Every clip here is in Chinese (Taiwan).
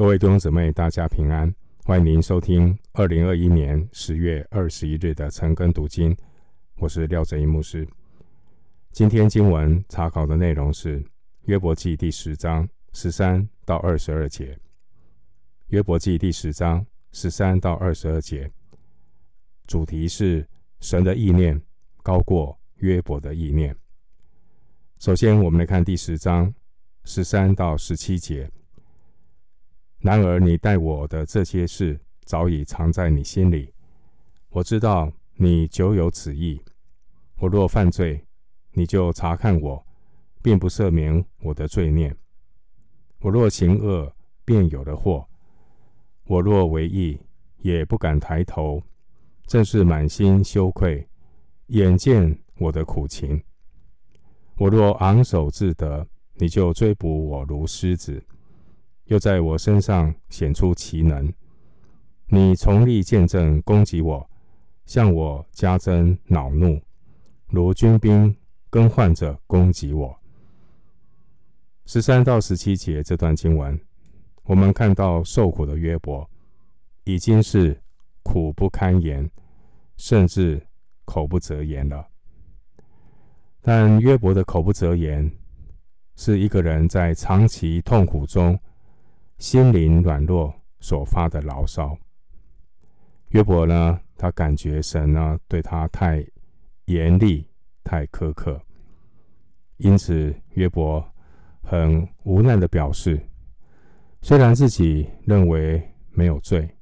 各位弟兄姊妹，大家平安！歡迎您收聽二零二一年十月二十一日的晨更讀經，我是廖哲儀牧師。今天經文查考的內容是《約伯記》第十章十三到二十二節，《約伯記》第十章十三到二十二節，主題是神的意念高過約伯的意念。首先，我們來看第十章十三到十七節。然而，你待我的這些事早已藏在你心裡。我知道你久有此意。我若犯罪，你就查看我，並不赦免我的罪孽；我若行惡，便有了禍；我若為義，也不敢抬頭，正是滿心羞愧，眼見我的苦情。我若昂首自得，你就追捕我如獅子。又在我身上顯出奇能，你重立見證攻擊我，向我加增惱怒，如軍兵更換著攻擊我。十三到十七節這段經文，我們看到受苦的約伯，已經是苦不堪言，甚至口不擇言了。但約伯的口不擇言，是一個人在長期痛苦中。心靈軟弱所發的牢騷。約伯呢，他感覺神呢對他太嚴厲、太苛刻，因此約伯很無奈的表示，雖然自己認為沒有罪，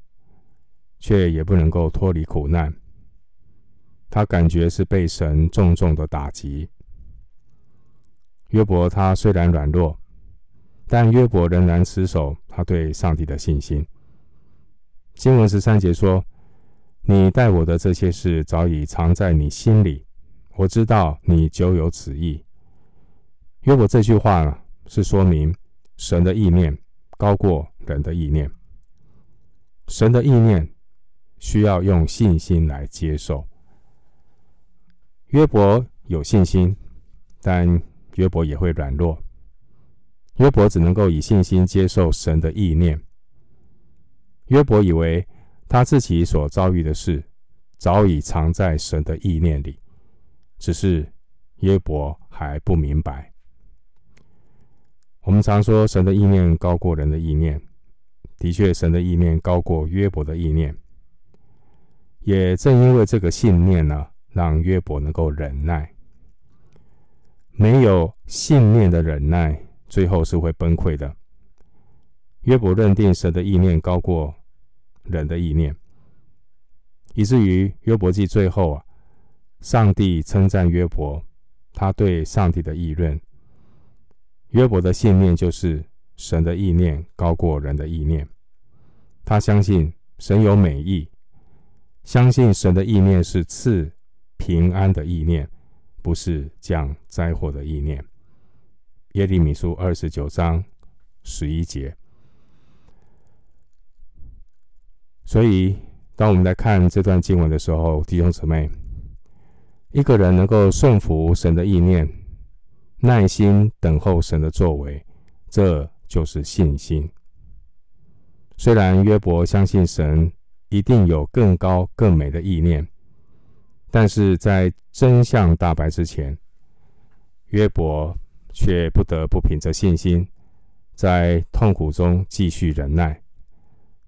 卻也不能夠脫離苦難。他感覺是被神重重的打擊。約伯他雖然軟弱，但約伯仍然持守他對上帝的信心。經文十三節說：“你待我的這些事早已藏在你心裡，我知道你久有此意。”約伯這句話呢，是說明神的意念高過人的意念。神的意念需要用信心來接受。約伯有信心，但約伯也會軟弱。約伯只能夠以信心接受神的意念。約伯以為他自己所遭遇的事，早已藏在神的意念裡，只是約伯還不明白。我們常說神的意念高過人的意念，的確，神的意念高過約伯的意念。也正因為這個信念呢，讓約伯能夠忍耐。沒有信念的忍耐。最後是會崩潰的。約伯認定神的意念高過人的意念，以至於約伯記最後啊，上帝稱讚約伯，他對上帝的議論。約伯的信念就是神的意念高過人的意念，他相信神有美意，相信神的意念是賜平安的意念，不是降災禍的意念。耶利米書二十九章十一節。所以，當我們在看這段經文的時候，弟兄姊妹，一個人能夠順服神的意念，耐心等候神的作為，這就是信心。雖然約伯相信神一定有更高、更美的意念，但是在真相大白之前，約伯。卻不得不憑着信心，在痛苦中繼續忍耐，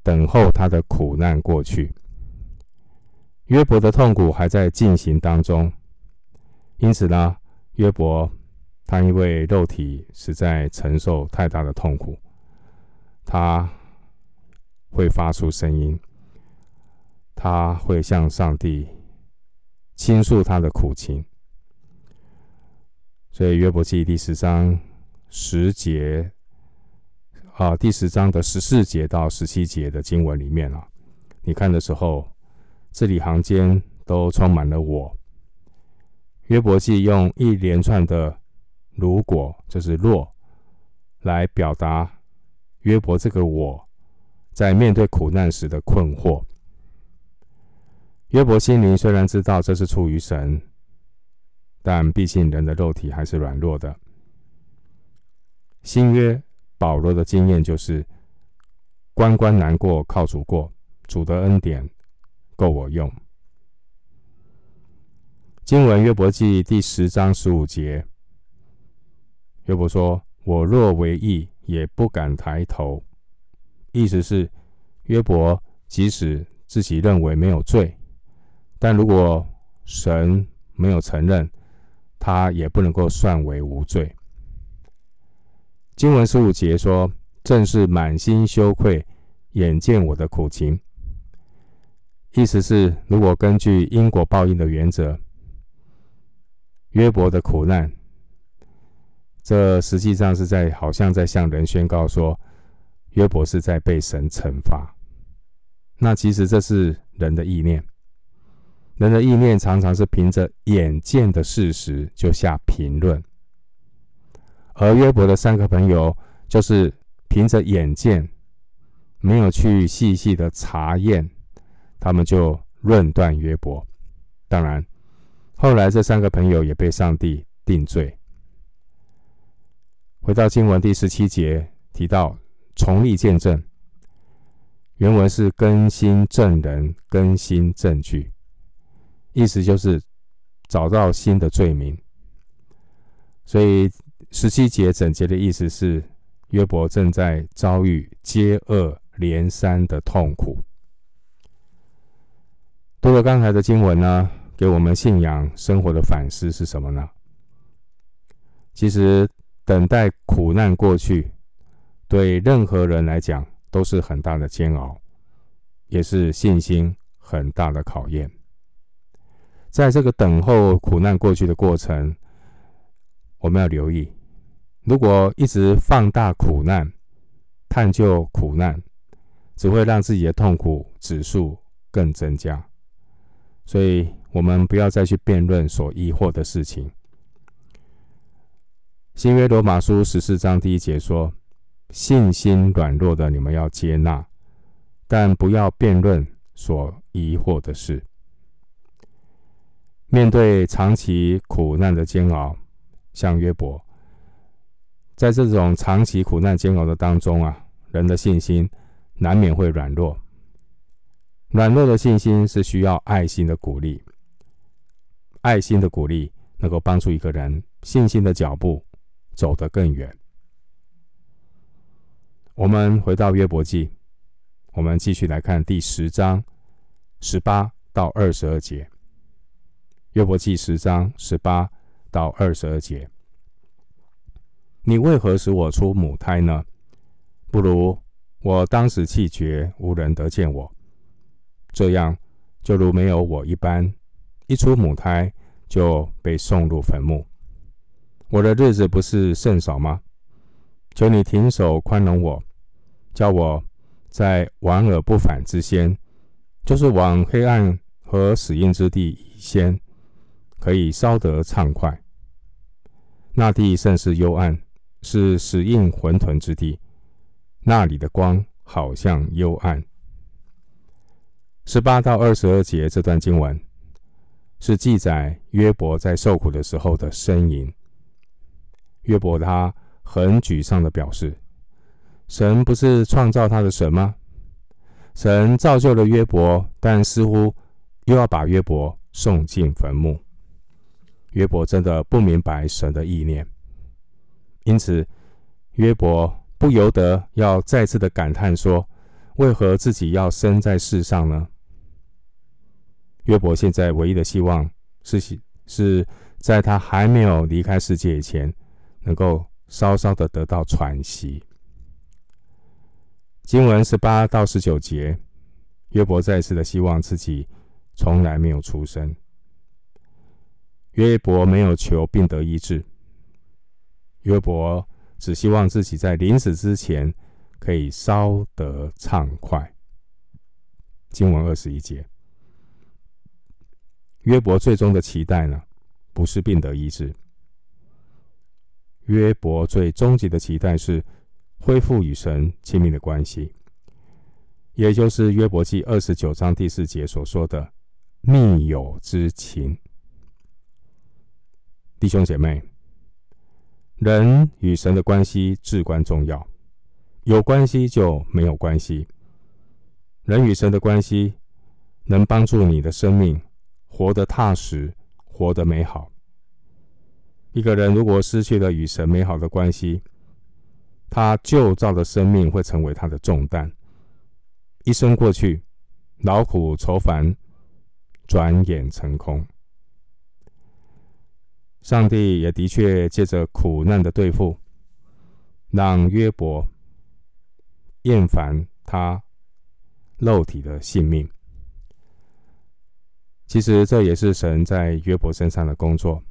等候他的苦難過去。約伯的痛苦還在進行當中，因此呢，約伯他因為肉體實在承受太大的痛苦，他會發出聲音，他會向上帝傾訴他的苦情。在約伯記第十章十節啊，第十章的十四節到十七節的經文裡面啊，你看的時候，字裡行間都充滿了我。約伯記用一連串的“如果”就是“若”來表達約伯這個我在面對苦難時的困惑。約伯心靈雖然知道這是出於神。但畢竟人的肉體還是軟弱的。新約保羅的經驗就是：關關難過，靠主過。主的恩典夠我用。經文約伯記第十章十五節，約伯說：“我若為義，也不敢抬頭。”意思是，約伯即使自己認為沒有罪，但如果神沒有承認。他也不能夠算為無罪。經文十五節說：“正是滿心羞愧，眼見我的苦情。”意思是，如果根據因果報應的原則，約伯的苦難，這實際上是在好像在向人宣告說，約伯是在被神懲罰。那其實這是人的意念。人的意念常常是憑着眼見的事實就下評論，而約伯的三個朋友就是憑着眼見，沒有去細細的查驗，他們就論斷約伯。當然，後來這三個朋友也被上帝定罪。回到經文第十七節提到“重立見證”，原文是更新證人，更新證據。意思就是找到新的罪名，所以十七節整節的意思是，約伯正在遭遇接二連三的痛苦。讀了剛才的經文呢，給我們信仰生活的反思是什麼呢？其實，等待苦難過去，對任何人來講都是很大的煎熬，也是信心很大的考驗。在這個等候苦難過去的過程，我們要留意，如果一直放大苦難、探究苦難，只會讓自己的痛苦指數更增加。所以，我們不要再去辯論所疑惑的事情。新約羅馬書十四章第一節說：“信心軟弱的，你們要接納，但不要辯論所疑惑的事。”面對長期苦難的煎熬，像約伯，在這種長期苦難煎熬的當中啊，人的信心難免會軟弱。軟弱的信心是需要愛心的鼓勵，愛心的鼓勵能夠幫助一個人信心的腳步走得更遠。我們回到約伯記，我們繼續來看第十章十八到二十二節。約伯記十章十八到二十二節：你為何使我出母胎呢？不如我當時氣絕，無人得見我，這樣就如沒有我一般。一出母胎就被送入墳墓，我的日子不是甚少嗎？求你停手寬容我，叫我在往而不返之先，就是往黑暗和死蔭之地以先可以稍得暢快。那地甚是幽暗，是死蔭混沌之地。那裡的光好像幽暗。十八到二十二節這段經文是記載約伯在受苦的時候的呻吟。約伯他很沮喪的表示：“神不是創造他的神嗎？神造就了約伯，但似乎又要把約伯送進墳墓。”約伯真的不明白神的意念，因此約伯不由得要再次的感嘆說：“為何自己要生在世上呢？”約伯現在唯一的希望是是，在他還沒有離開世界以前，能夠稍稍的得到喘息。經文十八到十九節，約伯再次的希望自己從來沒有出生。約伯沒有求病得醫治，約伯只希望自己在臨死之前可以稍得暢快。經文二十一節，約伯最終的期待呢，不是病得醫治。約伯最終極的期待是恢復與神親密的關係，也就是約伯記二十九章第四節所說的密友之情。弟兄姐妹，人與神的關係至關重要。有關係就沒有關係。人與神的關係，能幫助你的生命活得踏實，活得美好。一個人如果失去了與神美好的關係，他舊造的生命會成為他的重擔，一生過去，勞苦愁煩，轉眼成空。上帝也的確借着苦難的對付，讓約伯厭煩他肉體的性命。其實這也是神在約伯身上的工作。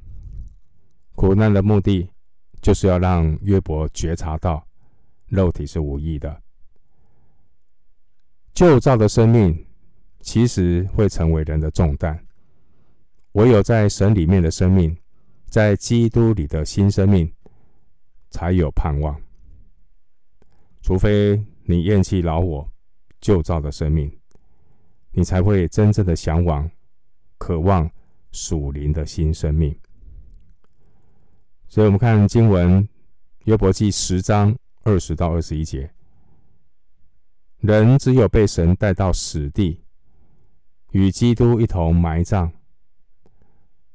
苦難的目的，就是要讓約伯覺察到肉體是無益的。舊造的生命，其實會成為人的重擔。唯有在神裡面的生命。在基督裡的新生命才有盼望。除非你厭棄老我、舊造的生命，你才會真正的嚮往、渴望屬靈的新生命。所以，我們看經文《約伯記》十章二十到二十一節：人只有被神帶到死地，與基督一同埋葬，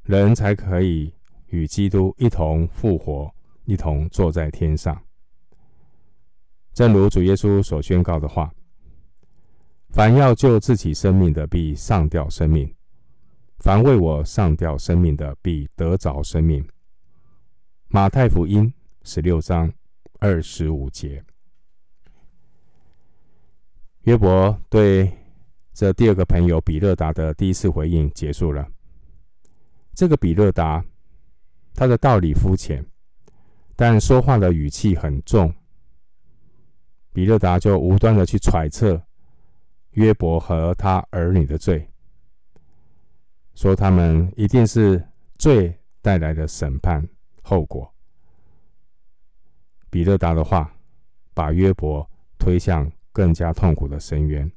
人才可以。與基督一同復活，一同坐在天上。正如主耶穌所宣告的話：“凡要救自己生命的，必喪掉生命；凡為我喪掉生命的，必得着生命。”馬太福音十六章二十五節。約伯對這第二個朋友比勒達的第一次回應結束了。這個比勒達。他的道理膚淺，但說話的語氣很重。比勒達就無端的去揣測約伯和他兒女的罪，說他們一定是罪帶來的審判後果。比勒達的話，把約伯推向更加痛苦的深淵，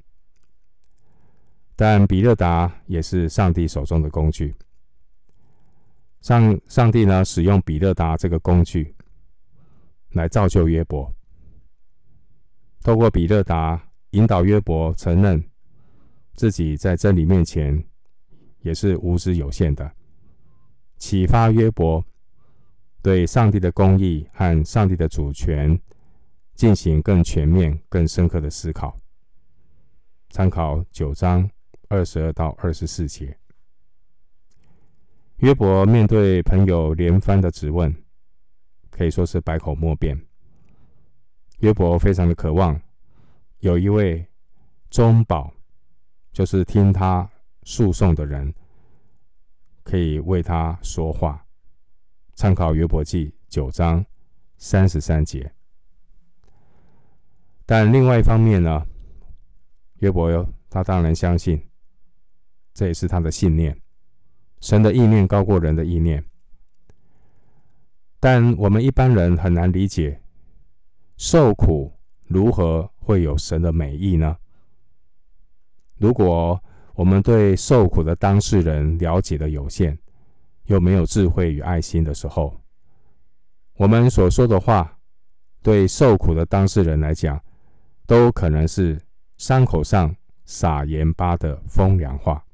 但比勒達也是上帝手中的工具。上上帝呢，使用比勒達這個工具來造就約伯，透過比勒達引導約伯承認自己在真理面前也是無知有限的，啟發約伯對上帝的公義和上帝的主權進行更全面、更深刻的思考。參考九章二十二到二十四節。約伯面對朋友連番的質問，可以說是百口莫辯。約伯非常的渴望有一位中保，就是聽他訴訟的人，可以為他說話。參考約伯記九章三十三節。但另外一方面呢，約伯喲，他當然相信，這也是他的信念。神的意念高過人的意念，但我們一般人很難理解，受苦如何會有神的美意呢？如果我們對受苦的當事人了解的有限，又沒有智慧與愛心的時候，我們所說的話，對受苦的當事人來講，都可能是傷口上撒鹽巴的風涼話。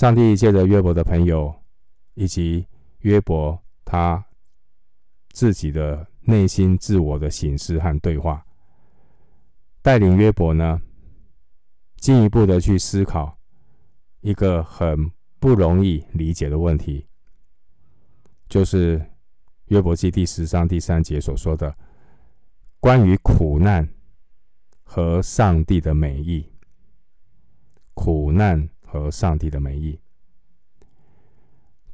上帝借着約伯的朋友，以及約伯他自己的內心自我的形式和對話，帶領約伯呢進一步的去思考一個很不容易理解的問題，就是約伯記第十章第三節所說的關於苦難和上帝的美意，苦難。和上帝的美意，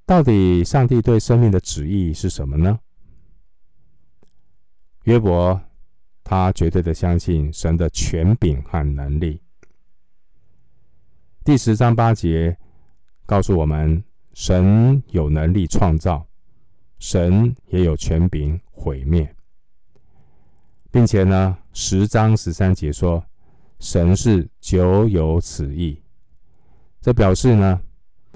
到底上帝對生命的旨意是什麼呢？約伯他絕對的相信神的權柄和能力。第十章八節告訴我們，神有能力創造，神也有權柄毀滅。並且呢，十章十三節說，神是久有此意。這表示呢，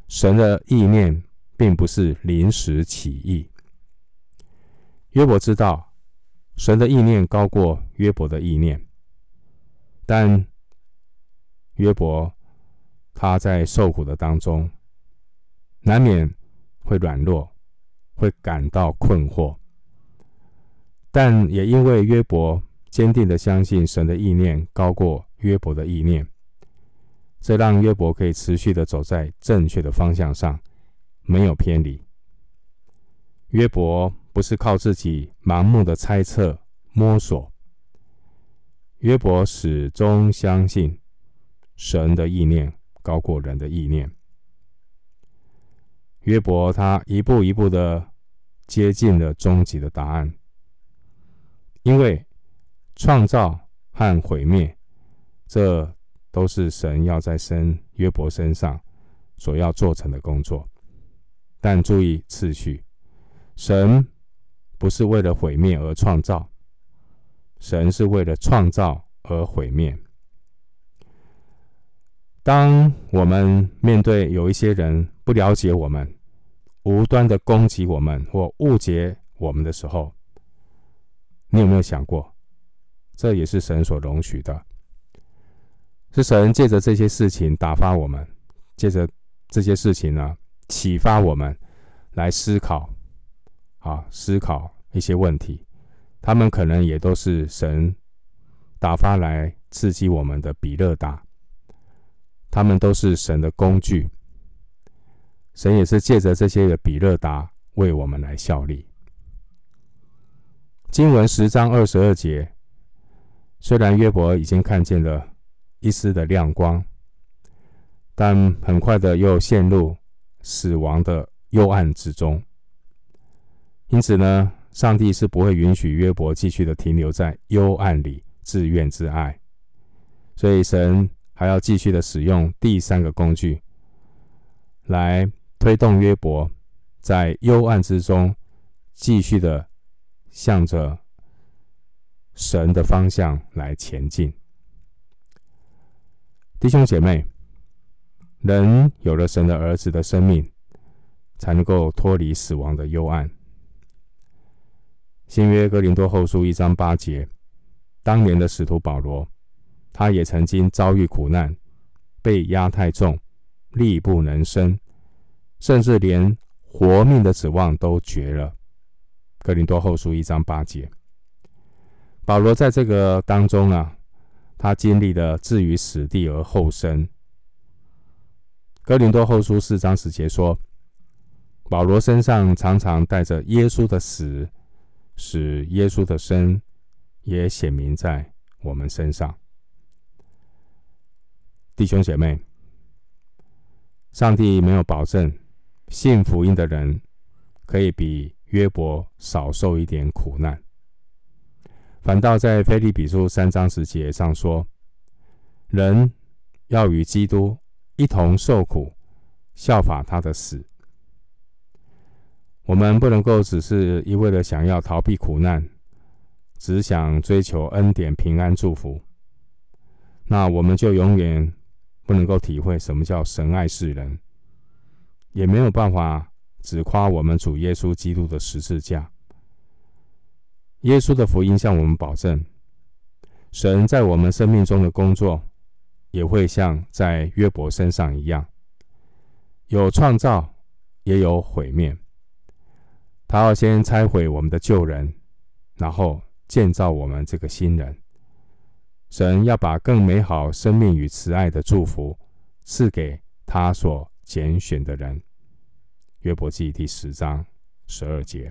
神的意念並不是臨時起意。約伯知道神的意念高過約伯的意念，但約伯他在受苦的當中，難免會軟弱，會感到困惑，但也因為約伯堅定的相信神的意念高過約伯的意念。這讓約伯可以持續的走在正確的方向上，沒有偏離。約伯不是靠自己盲目的猜測摸索，約伯始終相信神的意念高過人的意念。約伯他一步一步的接近了終極的答案，因為創造和毀滅，這都是神要在身約伯身上所要做成的工作，但注意次序。神不是為了毀滅而創造，神是為了創造而毀滅。當我們面對有一些人不了解我們、無端的攻擊我們或誤解我們的時候，你有沒有想過，這也是神所容許的？是神借着這些事情打發我們，借着這些事情呢、啊、啟發我們來思考，啊，思考一些問題。他們可能也都是神打發來刺激我們的比勒達，他們都是神的工具。神也是借着這些的比勒達為我們來效力。經文十章二十二節，雖然約伯已經看見了。一絲的亮光，但很快的又陷入死亡的幽暗之中。因此呢，上帝是不會允許約伯繼續的停留在幽暗裡自怨自艾，所以神還要繼續的使用第三個工具，來推動約伯在幽暗之中繼續的向着神的方向來前進。弟兄姐妹，人有了神的兒子的生命，才能夠脫離死亡的幽暗。新約哥林多後書一章八節，當年的使徒保羅，他也曾經遭遇苦難，被壓太重，力不能伸，甚至連活命的指望都絕了。哥林多後書一章八節，保羅在這個當中啊。他經歷的“置於死地而後生”。哥林多後書四章十節說：“保羅身上常常帶着耶穌的死，使耶穌的生也顯明在我們身上。”弟兄姐妹，上帝沒有保證信福音的人可以比約伯少受一點苦難。反倒在《腓立比書》三章十節上說：“人要與基督一同受苦，效法他的死。”我們不能夠只是一味的想要逃避苦難，只想追求恩典、平安、祝福，那我們就永遠不能夠體會什麼叫神愛世人，也沒有辦法只誇我們主耶穌基督的十字架。耶穌的福音向我們保證，神在我們生命中的工作，也會像在約伯身上一樣，有創造，也有毀滅。他要先拆毀我們的舊人，然後建造我們這個新人。神要把更美好生命與慈愛的祝福賜給他所揀選的人。約伯記第十章十二節。